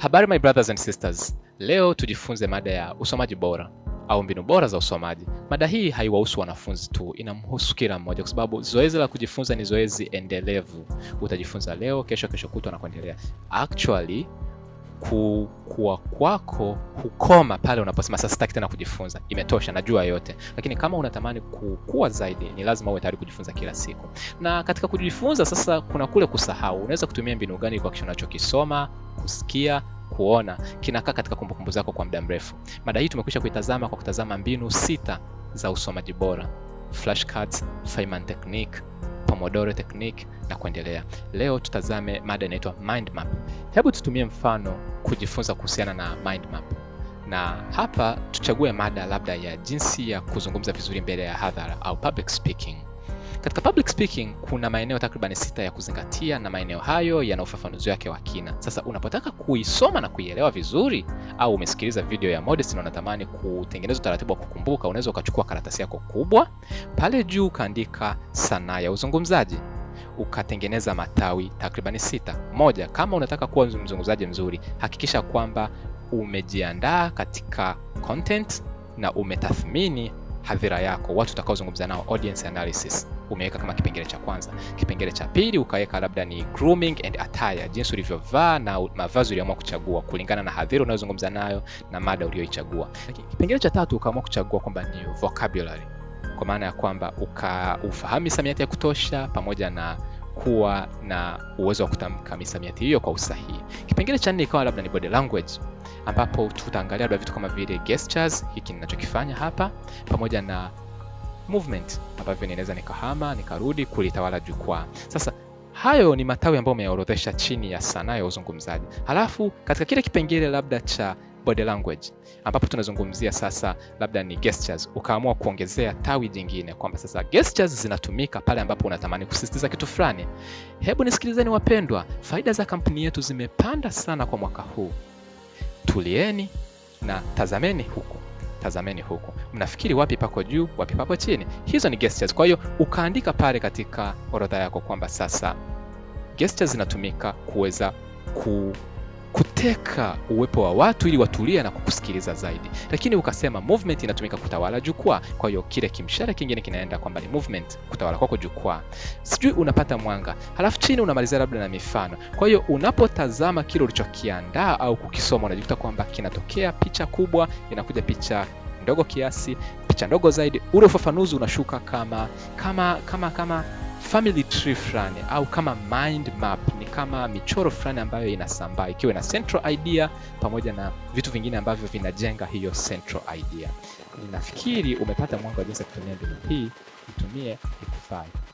Habari my brothers and sisters, leo tujifunze mada ya usomaji bora au mbinu bora za usomaji. Mada hii haiwahusu wanafunzi tu, inamhusu kila mmoja, kwa sababu zoezi la kujifunza ni zoezi endelevu. Utajifunza leo, kesho, kesho kutwa na kuendelea. Actually kukua kwako hukoma pale unaposema sasa sitaki tena kujifunza, imetosha, najua yote. Lakini kama unatamani kukua zaidi, ni lazima uwe tayari kujifunza kila siku. Na katika kujifunza sasa, kuna kule kusahau. Unaweza kutumia mbinu gani kwa unachokisoma, kusikia kuona kinakaa katika kumbukumbu zako kwa muda mrefu. Mada hii tumekwisha kuitazama kwa kutazama mbinu sita za usomaji bora: flashcards, technique, Pomodoro technique na kuendelea. Leo tutazame mada inaitwa mind map. Hebu tutumie mfano kujifunza kuhusiana na mind map, na hapa tuchague mada labda ya jinsi ya kuzungumza vizuri mbele ya hadhara au public speaking. Katika public speaking kuna maeneo takriban sita ya kuzingatia na maeneo hayo yana ufafanuzi wake wa kina. Sasa unapotaka kuisoma na kuielewa vizuri, au umesikiliza video ya Modest na unatamani kutengeneza utaratibu wa kukumbuka, unaweza ukachukua karatasi yako kubwa, pale juu ukaandika sanaa ya uzungumzaji ukatengeneza matawi takribani sita. Moja, kama unataka kuwa mzungumzaji mzuri, hakikisha kwamba umejiandaa katika content na umetathmini hadhira yako, watu utakaozungumza nao, audience analysis umeweka kama kipengele cha kwanza. Kipengele cha pili ukaweka labda ni grooming and attire, jinsi ulivyovaa na mavazi uliamua kuchagua kulingana na hadhira unayozungumza nayo na mada uliyoichagua. Kipengele cha tatu ukaamua kuchagua kwamba ni vocabulary, kwa maana ya kwamba ukaufahamu msamiati ya kutosha pamoja na kuwa na uwezo wa kutamka misamiati hiyo kwa usahihi. Kipengele cha nne ikawa labda ni body language ambapo tutaangalia labda vitu kama vile gestures, hiki ninachokifanya hapa, pamoja na movement ambavyo ninaweza nikahama nikarudi kulitawala jukwaa. Sasa hayo ni matawi ambayo umeorodhesha chini ya sanaa ya uzungumzaji. Halafu katika kile kipengele labda cha body language ambapo tunazungumzia sasa labda ni gestures, ukaamua kuongezea tawi jingine kwamba sasa gestures zinatumika pale ambapo unatamani kusisitiza kitu fulani. Hebu nisikilizeni wapendwa, faida za kampuni yetu zimepanda sana kwa mwaka huu. Tulieni na tazameni huko tazameni huku, mnafikiri wapi pako juu, wapi pako chini? Hizo ni gestures. Kwa hiyo ukaandika pale katika orodha yako kwamba sasa gestures zinatumika kuweza ku kuteka uwepo wa watu ili watulie na kukusikiliza zaidi, lakini ukasema movement inatumika kutawala jukwaa. Kwa hiyo kile kimshale kingine kinaenda kwamba ni movement kutawala kwako jukwaa, sijui unapata mwanga. Halafu chini unamalizia labda na mifano. Kwa hiyo unapotazama kile ulichokiandaa au kukisoma, unajikuta kwamba kinatokea picha kubwa, inakuja picha ndogo kiasi, picha ndogo zaidi, ule ufafanuzi unashuka kama kama kama kama family tree fulani au kama mind map, ni kama michoro fulani ambayo inasambaa ikiwa na central idea pamoja na vitu vingine ambavyo vinajenga hiyo central idea. Ninafikiri umepata mwanga wa jinsi ya kutumia mbinu hii, itumie ikufai.